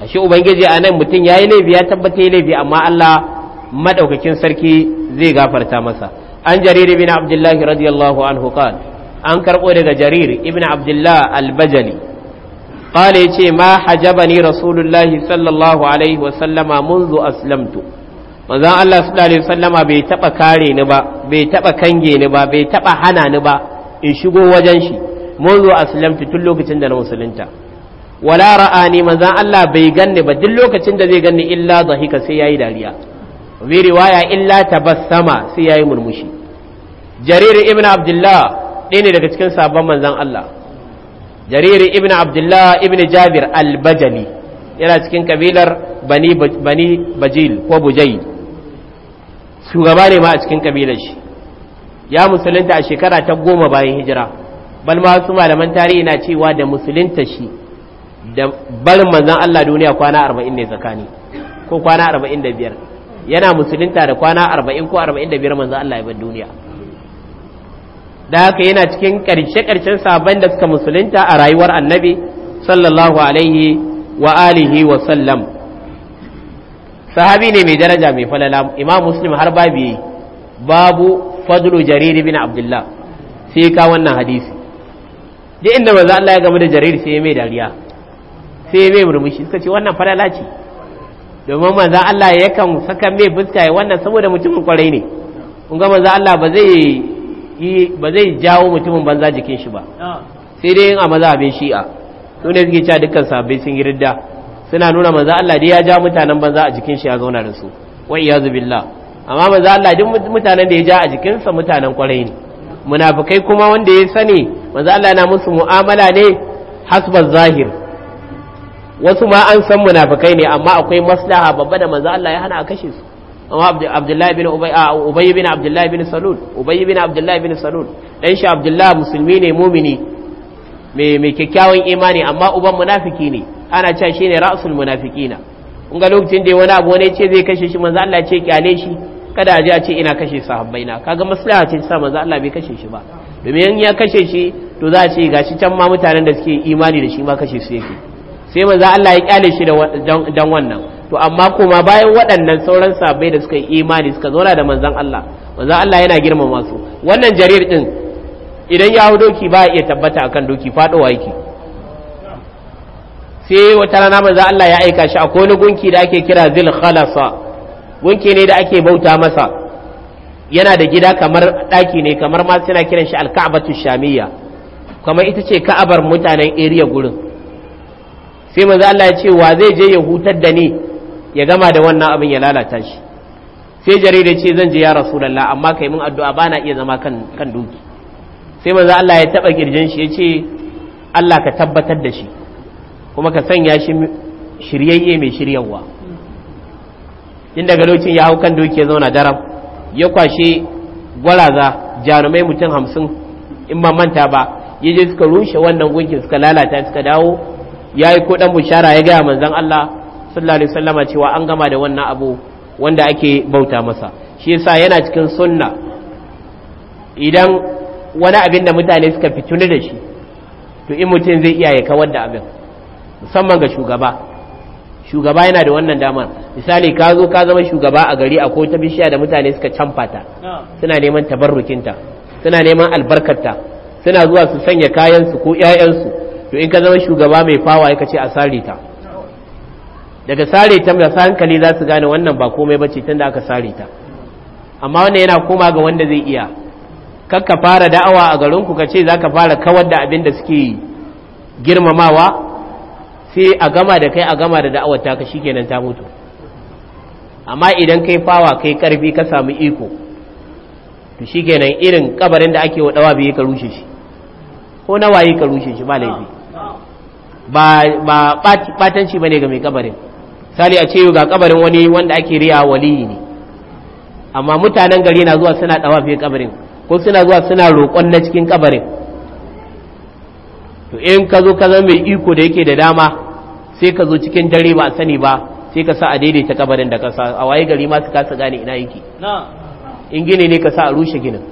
ashe ubangiji a nan mutum ya yi laifi ya tabbata ya laifi amma allah madaukakin sarki zai gafarta masa an jarir ibn abdullah radiyallahu anhu qal an karbo daga jarir ibn abdullah al-bajali qala yace ma hajabani rasulullah sallallahu alaihi wa sallama منذ aslamtu manzon Allah sallallahu alaihi wasallama bai taba kare ni ba bai taba kange ni ba bai taba hana ni ba in shigo wajen shi منذ aslamtu tun lokacin da na musulunta wala ra'ani manzan Allah bai ganni ba duk lokacin da zai ganni illa zahika sai yayi dariya bi riwaya illa tabassama sai yayi murmushi jarir ibn abdullah ne daga cikin sabon manzan Allah jarir ibn abdullah ibn jabir al-bajali yana cikin kabilar bani bani bajil ko bujai shugaba ne ma a cikin kabilar shi ya musulunta a shekara ta goma bayan hijira ma wasu malaman tarihi na cewa da musulunta shi da barin manzan Allah duniya kwana arba'in ne tsakani ko kwana arba'in da biyar yana musulunta da kwana arba'in ko arba'in da biyar manzan Allah ya bar duniya da haka yana cikin karshe ƙarshen sabon da suka musulunta a rayuwar annabi sallallahu alaihi wa alihi wa sallam sahabi ne mai daraja mai falala imam muslim har babu babu fadlu jarir bin abdullah sai ka wannan hadisi duk inda manzo Allah ya gamu da jarir sai ya mai dariya sai mai murmushi suka ce wannan falala ce domin manzo Allah yakan saka mai fuska wannan saboda mutumin kwarai ne kun ga manzo Allah ba zai ba zai jawo mutumin banza jikin shi ba sai dai in a mazhabin shi'a su ne suke cewa dukkan sahabbai sun yi ridda suna nuna manzo Allah dai ya ja mutanen banza a jikin shi ya zauna da su wa iyazu billah amma manzo Allah duk mutanen da ya ja a jikin sa mutanen kwarai ne munafikai kuma wanda ya sani manzo Allah yana musu mu'amala ne hasbal zahir wasu ma an san munafikai ne amma akwai maslaha babba da manzo Allah ya hana a kashe su amma Abdullahi bin Ubay bin Abdullahi bin Salul Ubay bin Abdullahi bin Salul dan shi Abdullahi musulmi ne mumini me me kyakkyawan imani amma uban munafiki ne ana cewa shine ra'sul munafiqina kun ga lokacin da wani abu wani ce zai kashe shi manzo Allah ce kyale shi kada a ji a ce ina kashe sahabbai na kaga maslaha ce sa manzo Allah bai kashe shi ba domin ya kashe shi to za a ce gashi can ma mutanen da suke imani da shi ma kashe su yake sai manzo Allah ya kyale shi dan wannan to amma kuma bayan waɗannan sauran sabai da suka yi imani suka zauna da manzon Allah manzon Allah yana girmama su wannan jarir din idan ya hau doki ba iya tabbata akan doki faɗowa yake sai wata rana manzon Allah ya aika shi akwai wani gunki da ake kira zil khalasa gunki ne da ake bauta masa yana da gida kamar ɗaki ne kamar ma suna kiran shi alka'abatu shamiyya kamar ita ce ka'abar mutanen area gurin sai manzo Allah ya ce wa zai je ya hutar da ni ya gama da wannan abin ya lalata shi sai jarir ya ce zan je ya rasu rasulullah amma kai mun addu'a bana iya zama kan kan doki sai manzo Allah ya taba kirjin shi ya ce Allah ka tabbatar da shi kuma ka sanya shi shiryayye mai shiryawa in daga lokacin ya hau kan doki ya zauna daram ya kwashe gwaraza jarumai mutum hamsin in ba manta ba ya je suka rushe wannan gunkin suka lalata suka dawo yi ko dan bushara ya gaya manzon Allah sallallahu alaihi wasallama cewa an gama da wannan abu wanda ake bauta masa shi yasa yana cikin sunna idan wani abin da mutane suka fituna da shi to in mutum zai iya ya kawar da abin musamman ga shugaba shugaba yana da wannan damar misali ka zo ka zama shugaba a gari a kota bishiya da mutane suka camfata suna neman tabarrukinta suna neman albarkarta suna zuwa su sanya kayansu ko 'ya'yansu to in ka zama shugaba mai fawa ya ce a sare ta daga sare ta mai hankali za su gane wannan ba komai bace tun da aka sare ta amma wannan yana koma ga wanda zai iya kakka fara da'awa a garinku ka ce za ka fara kawar da abin da suke girmamawa sai a gama da kai a gama da da'awar ka shikenan ta mutu amma idan kai fawa kai karfi ka samu iko to shikenan irin kabarin da ake wadawa bai ka rushe shi ko na waye ka rushe shi ba laifi ba batanci bane ga mai kabarin sali a ce ga kabarin wani wanda ake riya waliyi ne amma mutanen gari na zuwa suna fiye kabarin ko suna zuwa suna roƙon na cikin kabarin to in ka zo ka zama mai iko da yake da dama sai ka zo cikin dare ba sani ba sai ka sa a daidaita kabarin da kasa a waye gari ma su kasa gane ina yake in gini ne ka sa a rushe ginin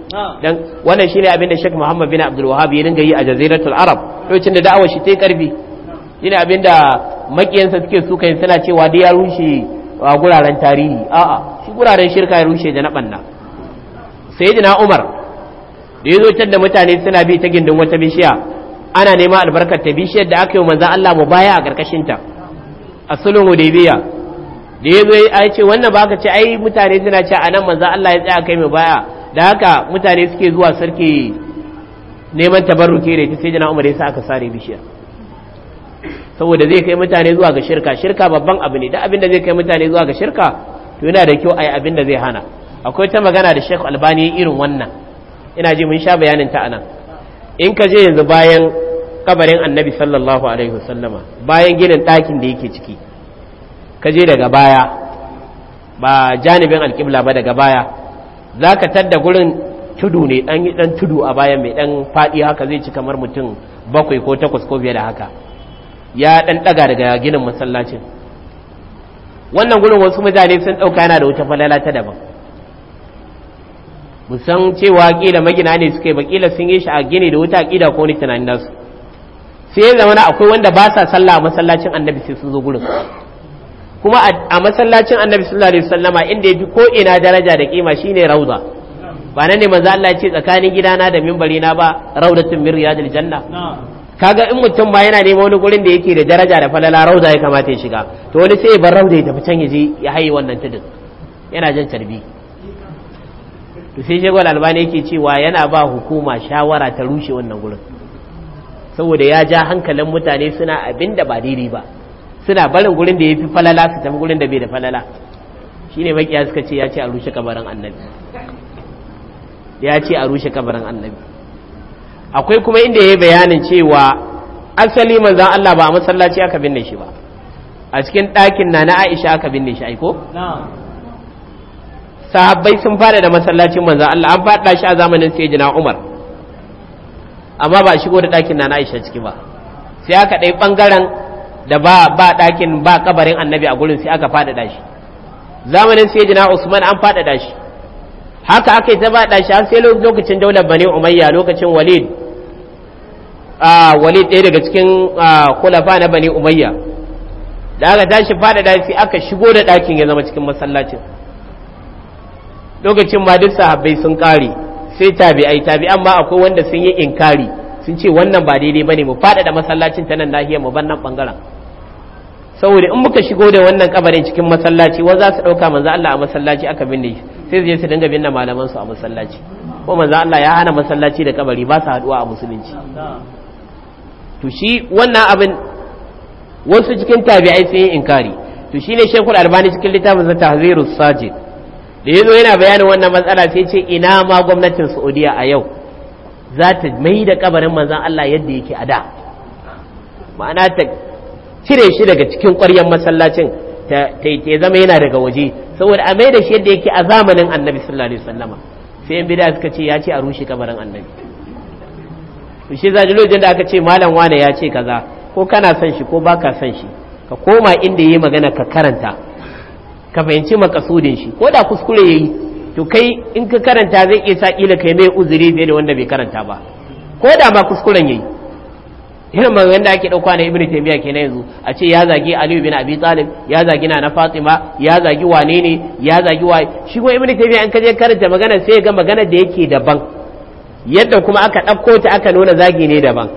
dan wannan shine abin da Sheikh Muhammad bin Abdul Wahhab ya dinga yi a Jaziratul Arab lokacin da da'awar shi ta karbi shine abinda makiyansa suke suka yin suna cewa da ya rushe a guraren tarihi a'a shi guraren shirka ya rushe da na banna sayyidina umar da ya zo can da mutane suna bi ta gindin wata bishiya ana nema albarkar ta bishiyar da aka yi manzan Allah mu baya a karkashin ta a sulun hudaybiya da ya zo ya ce wannan ba ka ce ai mutane suna ce nan manzan Allah ya tsaya kai mu baya da haka mutane suke zuwa sarki neman tabarruke da ita sai jana umar ya sa aka sare bishiyar saboda zai kai mutane zuwa ga shirka shirka babban abu ne da abin da zai kai mutane zuwa ga shirka to yana da kyau a yi abin da zai hana akwai ta magana da sheikh albani irin wannan ina ji mun sha bayanin ta anan in ka je yanzu bayan kabarin annabi sallallahu alaihi wasallama bayan ginin ɗakin da yake ciki ka je daga baya ba janibin alƙibla ba daga baya za ka tadda gurin tudu ne ɗan tudu a bayan mai ɗan faɗi haka zai ci kamar mutum bakwai ko takwas ko biyar da haka ya dan daga daga ginin masallacin wannan gurin wasu mutane sun dauka yana da wuta falala ta daban musan cewa kila magina ne suke, ba kila sun yi shi a gini da wuta kida ko ni tunanin nasu sai ya zama akwai wanda ba sa sallah a masallacin annabi sai sun zo gurin kuma a masallacin annabi sallallahu alaihi wasallama inda yafi ko ina daraja da kima shine rauda ba nan ne manzo Allah ya ce tsakanin gidana da minbari na ba raudatun min riyadil janna kaga in mutum ba yana nema wani gurin da yake da daraja da falala rauza ya kamata ya shiga to wani sai ya bar rauza ya tafi can ya je ya haye wannan tudun yana jan carbi to sai shagwal albani yake cewa yana ba hukuma shawara ta rushe wannan gurin saboda ya ja hankalin mutane suna abin da ba daidai ba suna barin gurin da ya fi falala su tafi gurin da bai da falala shine makiya suka ce ya ce a rushe kabarin annabi ya ce a rushe kabarin annabi akwai kuma inda ya bayanin cewa asali manzan Allah ba a masallaci aka binne shi ba a cikin ɗakin na na Aisha aka binne shi aiko? sahabbai sun fada da masallacin manzan Allah an fada shi a zamanin sai jina Umar amma ba a shigo da ɗakin na na Aisha ciki ba sai aka ɗai ɓangaren da ba ba ɗakin ba kabarin annabi a gurin sai aka fada shi zamanin sai jina Usman an faɗaɗa shi haka aka yi ta faɗa shi har sai lokacin daular bani umayya lokacin walid Wali ɗaya daga cikin kulafa na bani umayya da aka tashi fada dafi aka shigo da ɗakin ya zama cikin masallacin lokacin ma duk sahabbai sun kare sai tabi'ai tabi'an ma akwai wanda sun yi inkari sun ce wannan ba daidai bane mu fada da masallacin ta nan nahiyar mu ban nan bangaren saboda in muka shigo da wannan kabarin cikin masallaci wa za su dauka manzo Allah a masallaci aka binne sai su je su dinga binne malaman su a masallaci ko manzo Allah ya hana masallaci da kabari ba su haduwa a musulunci to shi wannan abin wasu cikin tabi'ai sun yi inkari to shi ne shekul albani cikin littafin sa tahzirus sajid da yazo yana bayanin wannan matsala sai ce ina ma gwamnatin saudiya a yau za ta mai da kabarin manzon Allah yadda yake a da ma'ana ta cire shi daga cikin ƙwaryar masallacin ta ta zama yana daga waje saboda a mai da shi yadda yake a zamanin annabi sallallahu alaihi wasallama sai yan bida suka ce ya ce a rushe kabarin annabi to shi zaji lojin da aka ce malam wane ya ce kaza ko kana son shi ko baka son shi ka koma inda yayi magana ka karanta ka fahimci makasudin shi ko da kuskure yayi to kai in ka karanta zai iya sa kila kai mai uzuri fiye da wanda bai karanta ba ko da ba kuskuren yayi irin maganar da ake dauka na ibn taymiya kenan yanzu a ce ya zagi ali bin abi talib ya zagi na fatima ya zagi wane ne ya zagi wa shi ko ibn taymiya in ka je karanta magana sai ga magana da yake daban yadda kuma aka ɗauko ta aka nuna zagi ne daban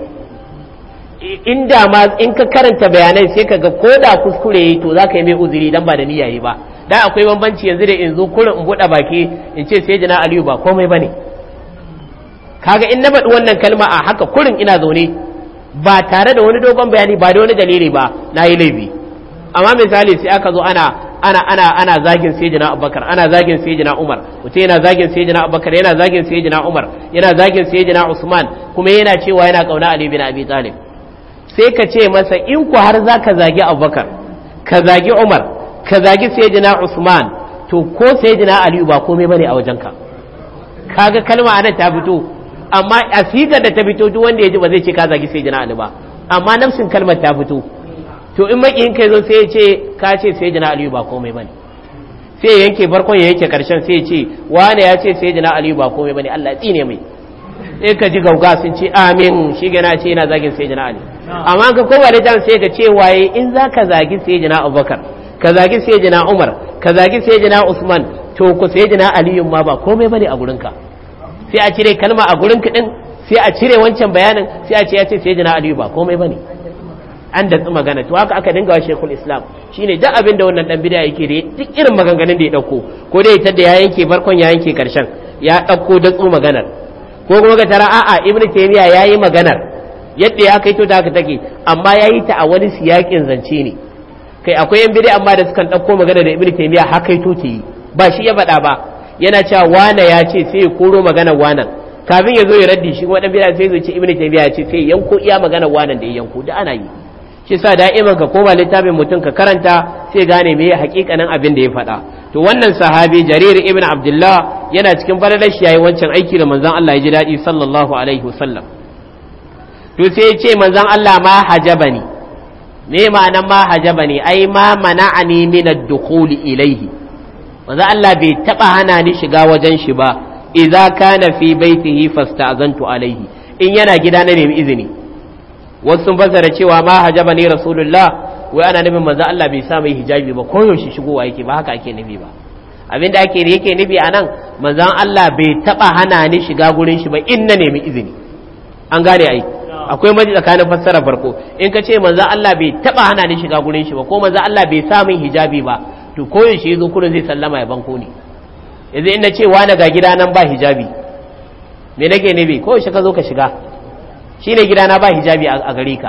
inda ma in ka karanta bayanai sai ka ga ko da kuskure yi to za ka yi mai uzuri dan ba da niyya yi ba da akwai bambanci yanzu da in zo kurin in buɗe baki in ce sai jina aliyu ba komai ba ne kaga in na faɗi wannan kalma a haka kurin ina zaune ba tare da wani dogon bayani ba da wani dalili ba na yi laifi amma misali sai aka zo ana ana ana ana zagin sayyidina abubakar ana zagin sayyidina umar mutum yana zagin sayyidina abubakar yana zagin sayyidina umar yana zagin sayyidina usman kuma yana cewa yana kauna ali bin abi talib sai ka ce masa in ku har za ka zagi abubakar ka zagi umar ka zagi sayyidina usman to ko sayyidina ali ba komai bane a wajenka kaga kalma anan ta fito amma a da ta fito duk wanda ya ji ba zai ce ka zagi sayyidina ali ba amma nafsin kalmar ta fito to in makiyin kai zo sai ya ce ka ce sai jina aliyu ba komai bane sai ya yanke barkon ya yanke karshen sai ya ce wane ya ce sai jina aliyu ba komai bane Allah tsine mai sai ka ji gauga sun ce amin shi gana ce yana zagin sai jina ali amma ka kowa da jan sai ka ce waye in za ka zagi sai jina abubakar ka zagi sai jina umar ka zagi sai jina usman to ku sai jina aliyun ma ba komai bane a gurinka sai a cire kalma a gurinka din sai a cire wancan bayanin sai a ce ya ce sai jina aliyu ba komai bane an da magana to haka aka dinga wa shekul islam shine duk abin da wannan dan bida yake da duk irin maganganun da ya dauko ko dai tada ya yanke barkon ya yanke karshen ya dauko da tsu maganar ko kuma ga tara a'a ibnu taymiya yayi maganar yadda ya kai to da haka take amma yayi ta a wani siyakin zance ne kai akwai yan bida amma da sukan dauko magana da ibnu taymiya haka to ta yi ba shi ya faɗa ba yana cewa wana ya ce sai ya koro maganar wanan kafin ya zo ya raddi shi waɗanda bida sai zo ce ibnu taymiya ya ce sai yanko iya maganar wanan da ya yanko da ana yi shi sa da'iman ka koma littafin mutum ka karanta sai gane me ya hakikanin abin da ya faɗa to wannan sahabi jarir ibn abdullah yana cikin falalar shi yayi wancan aiki da manzan Allah ya ji daɗi sallallahu alaihi wasallam to sai ya ce manzan Allah ma ne? me ma'anan ma ne? ai ma mana'ani min ad-dukhul ilayhi Manzan Allah bai taɓa hana ni shiga wajen shi ba idza kana fi baitihi fasta'zantu alaihi in yana gida na nemi izini wasu sun cewa ma hajaba ne rasulullah wai ana nufin manzo Allah bai sa mai hijabi ba koyaushe shigowa yake ba haka ake nufi ba Abin da ake yake nufi anan manzo Allah bai taba hana ni shiga gurin shi ba in na nemi izini an gane ai akwai maji tsakanin fassara farko in ka ce manzo Allah bai taba hana ni shiga gurin shi ba ko manzo Allah bai sa mai hijabi ba to ko yaushe yazo kullun zai sallama ya banko ni yanzu in na ce wa daga gida nan ba hijabi me nake nufi ko yaushe ka zo ka shiga shine gidana ba hijabi a gare ka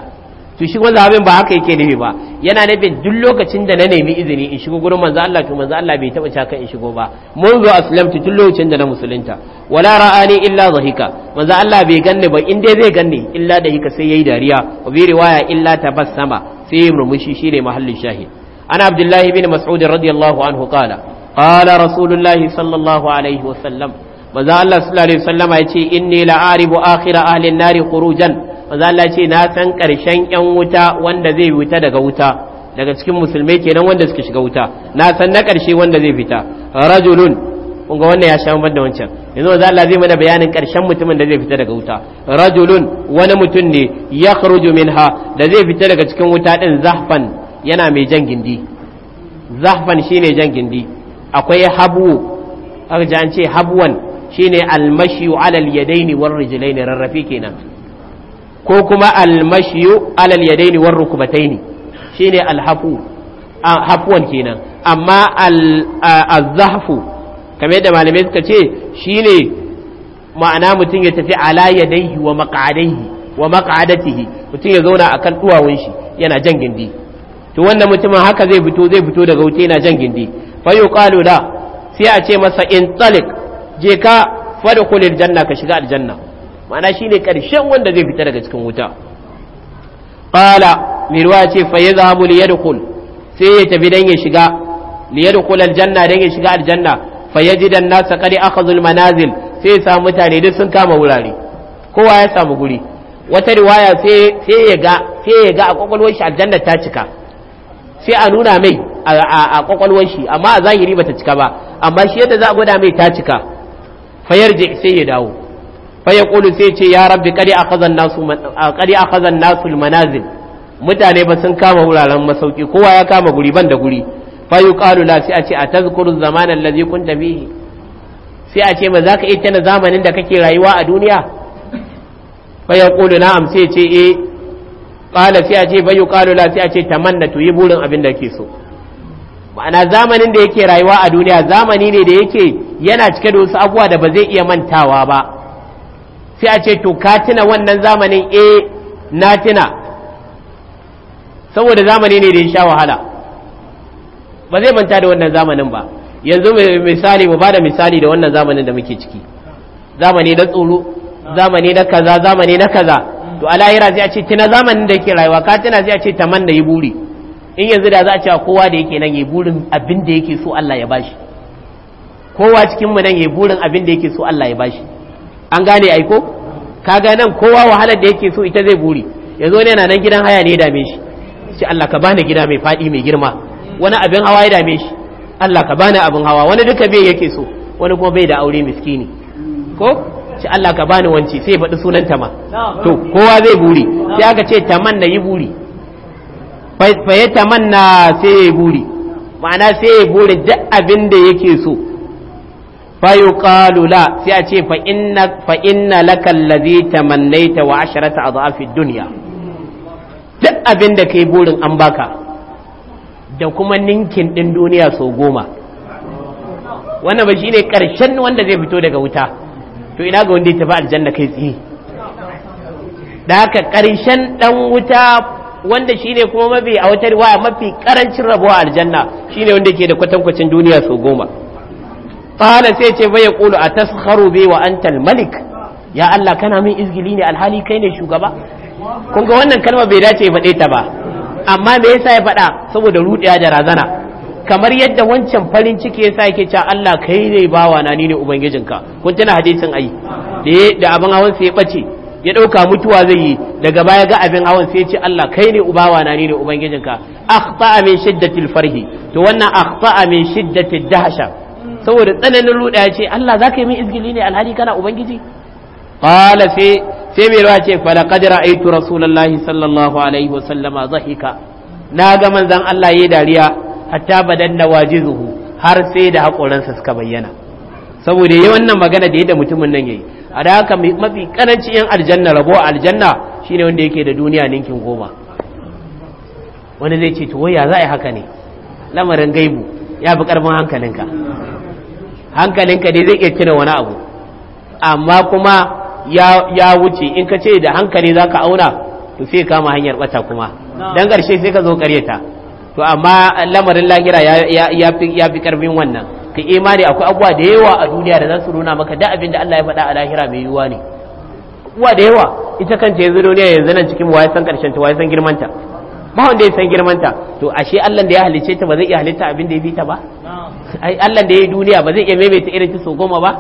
to shi wanda abin ba haka yake ne ba yana nufin duk lokacin da na nemi izini in shigo gurin manzo Allah to manzo Allah bai taba caka in shigo ba mun zo aslamtu tun lokacin da na musulunta wala ra'ani illa zahika manzo Allah bai ganni ba in dai zai ganni illa da hika sai yayi dariya wa bi riwaya illa tabassama sai yayi murmushi shine mahallin shahid ana abdullahi bin mas'ud radiyallahu anhu kala. qala rasulullahi sallallahu alaihi wa sallam manzo Allah sallallahu alaihi ce in inni la'aribu akhira ahli an-nari khurujan manzo Allah ce na san karshen yan wuta wanda zai wuta daga wuta daga cikin musulmai kenan wanda suka shiga wuta na san na karshe wanda zai fita rajulun kun ga wannan ya sha da wancan yanzu manzo Allah zai mana bayanin karshen mutumin da zai fita daga wuta rajulun wani mutum ne min minha da zai fita daga cikin wuta din zahfan yana mai jan gindi zahfan shine jan gindi akwai habu aka ce habuwan shine almashiyu alal yadaini war rijlaini rarrafi kenan ko kuma almashiyu alal yadaini war rukbataini shine alhafu hafuwan kenan amma al-zahfu kamar yadda malamai suka ce shine ma'ana mutum ya tafi ala yadaihi wa maq'adaihi wa maq'adatihi mutum ya zauna akan duwawun shi yana jan gindi to wannan mutumin haka zai fito zai fito daga wuce yana jan gindi fa yuqalu la sai a ce masa in je ka fada kulil janna ka shiga aljanna ma'ana shine karshen wanda zai fita daga cikin wuta qala mirwa ce fa yadhhabu li yadkhul sai ya tafi dan ya shiga li yadkhul aljanna dan ya shiga aljanna fa yajid an-nas qad akhadhu manazil sai sa mutane duk sun kama wurare kowa ya samu guri wata riwaya sai sai ya ga sai ya ga a kokolwar shi aljanna ta cika sai a nuna mai a kokolwar shi amma a zahiri bata cika ba amma shi yadda za a gwada mai ta cika fayarji sai ya dawo Kulu sai ce ya rabbi kadi a an-nasu qad nasu mutane ba sun kama wuraren masauki kowa ya kama guri ban da guri fa yuqalu la sai a ce atazkuru zaman allazi kunta fihi sai a ce ma ka iya na zamanin da kake rayuwa a duniya fa na na'am sai ce eh qala sai a ce fa yuqalu la sai a ce tamanna to yi burin abin da ke so ma'ana zamanin da yake rayuwa a duniya zamani ne da yake yana cike da wasu abubuwa da ba zai iya mantawa ba sai a ce to ka tuna wannan zamanin e na tuna saboda zamani ne da ya sha wahala ba zai manta da wannan zamanin ba yanzu misali mu bada misali da wannan zamanin da muke ciki zamani na tsoro zamani na kaza zamani na kaza to a lahira sai a ce tuna zamanin da yake rayuwa ka tuna sai a ce man da yi buri in yanzu da za a cewa kowa da yake nan ya burin abin da yake so Allah ya bashi kowa cikin mu nan ya burin abin da yake so Allah ya bashi an gane ai ko kaga nan kowa wahalar da yake so ita zai buri yazo ne yana nan gidan haya ne ya dame shi shi Allah ka bani gida mai fadi mai girma wani abin hawa ya dame shi Allah ka bani abin hawa wani duka bai yake so wani kuma bai da aure miskini ko shi Allah ka bani wanci sai faɗi sunanta ma to kowa zai buri sai aka ce taman na yi buri faye tamanna sai ya buri ma'ana sai ya buri duk abin da yake so fayu la sai a ce fa inna lakan lazi tamannaita wa asharata a za'afi duniya duk abin da ka yi burin an baka da kuma ninkin ɗin duniya sau goma wannan ba shi ne ƙarshen wanda zai fito daga wuta to ina ga wanda ya tafi aljanna kai tsaye da haka ƙarshen ɗan wuta wanda shine kuma mafi a wata riwaya mafi karancin rabuwa aljanna shine wanda ke da kwatankwacin duniya sau goma qala sai ce bai qulu atasharu bi wa antal malik ya Allah kana min izgili ne alhali kai ne shugaba kun ga wannan kalma bai dace ya faɗe ta ba amma me yasa ya faɗa saboda rudiya da razana kamar yadda wancan farin ciki yasa yake cewa Allah kai ne bawa na ni ne ubangijinka kun tana hadisin ai da abin hawan sai ya bace ya ɗauka mutuwa zai yi daga baya ga abin hawan sai ce Allah kai ne ubawa na ne ubangijinka akhta min shiddatil farhi to wannan akhta min shiddatil dahsha saboda tsananin ruda ya ce Allah zaka yi min izgili ne alhali kana ubangiji qala sai sai mai ruwa ce falaqad ra'aytu rasulullahi sallallahu alaihi wa sallama zahika na ga manzon Allah yayi dariya hatta badanna wajizuhu har sai da hakoransa suka bayyana saboda yi wannan magana da yadda mutumin nan ya yi, a da haka mafi karanci yan aljanna rabo aljanna shine wanda yake da duniya ninkin goma wani zai ce to waya za a yi haka ne lamarin gaibu ya fi karfin hankalinka hankalinka dai zai iya wani abu amma kuma ya wuce in ka ce da hankali za ka auna to sai kama hanyar bata kuma Dan ƙarshe sai ka zo karyata to amma lamarin lahira ya fi karfin wannan ka imani akwai abubuwa da yawa a duniya da za su nuna maka da abin da Allah ya faɗa a lahira mai yiwuwa ne abubuwa da yawa ita kanta yanzu duniya yanzu nan cikin waye san karshen ta waye san girman ta ba wanda ya san girman ta to ashe Allah da ya halice ta ba zai iya halitta abin da ya bi ta ba ai Allah da ya yi duniya ba zai iya maimaita irin ta so goma ba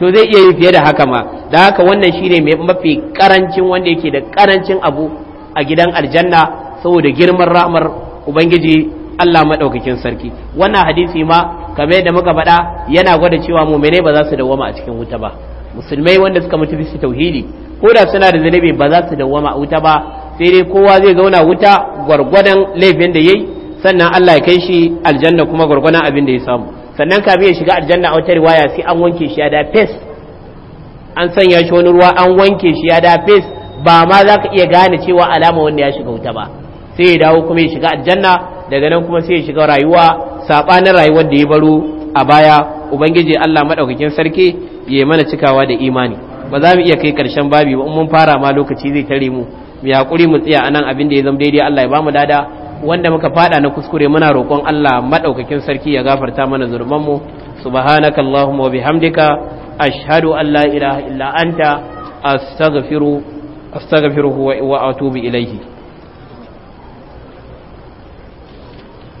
to zai iya yi fiye da haka ma da haka wannan shine mai mafi karancin wanda yake da karancin abu a gidan aljanna saboda girman ramar ubangiji Allah madaukakin sarki wannan hadisi ma kamar da muka faɗa yana gwada cewa mu'minai ba za su dawwama a cikin wuta ba musulmai wanda suka mutu bisa tauhidi ko da suna da zanabi ba za su dawwama a wuta ba sai dai kowa zai zauna wuta gwargwadon laifin da yayi sannan Allah ya kai shi aljanna kuma gwargwadon abin da ya samu sannan kafin ya shiga aljanna a wata riwaya sai an wanke shi ya da fes an sanya shi wani ruwa an wanke shi ya da fes ba ma za ka iya gane cewa alama wanda ya shiga wuta ba sai ya dawo kuma ya shiga aljanna daga nan kuma sai ya shiga rayuwa sabanin rayuwar da ya baro a baya ubangiji Allah madaukakin sarki ya mana cikawa da imani ba za mu iya kai karshen babi ba mun fara ma lokaci zai tare mu mu hakuri mu tsaya anan abin da ya zama daidai Allah ya bamu dada wanda muka fada na kuskure muna roƙon Allah madaukakin sarki ya gafarta mana zurban mu subhanakallahumma wa bihamdika ashhadu an la ilaha illa anta astaghfiru astaghfiruhu wa atubu ilayhi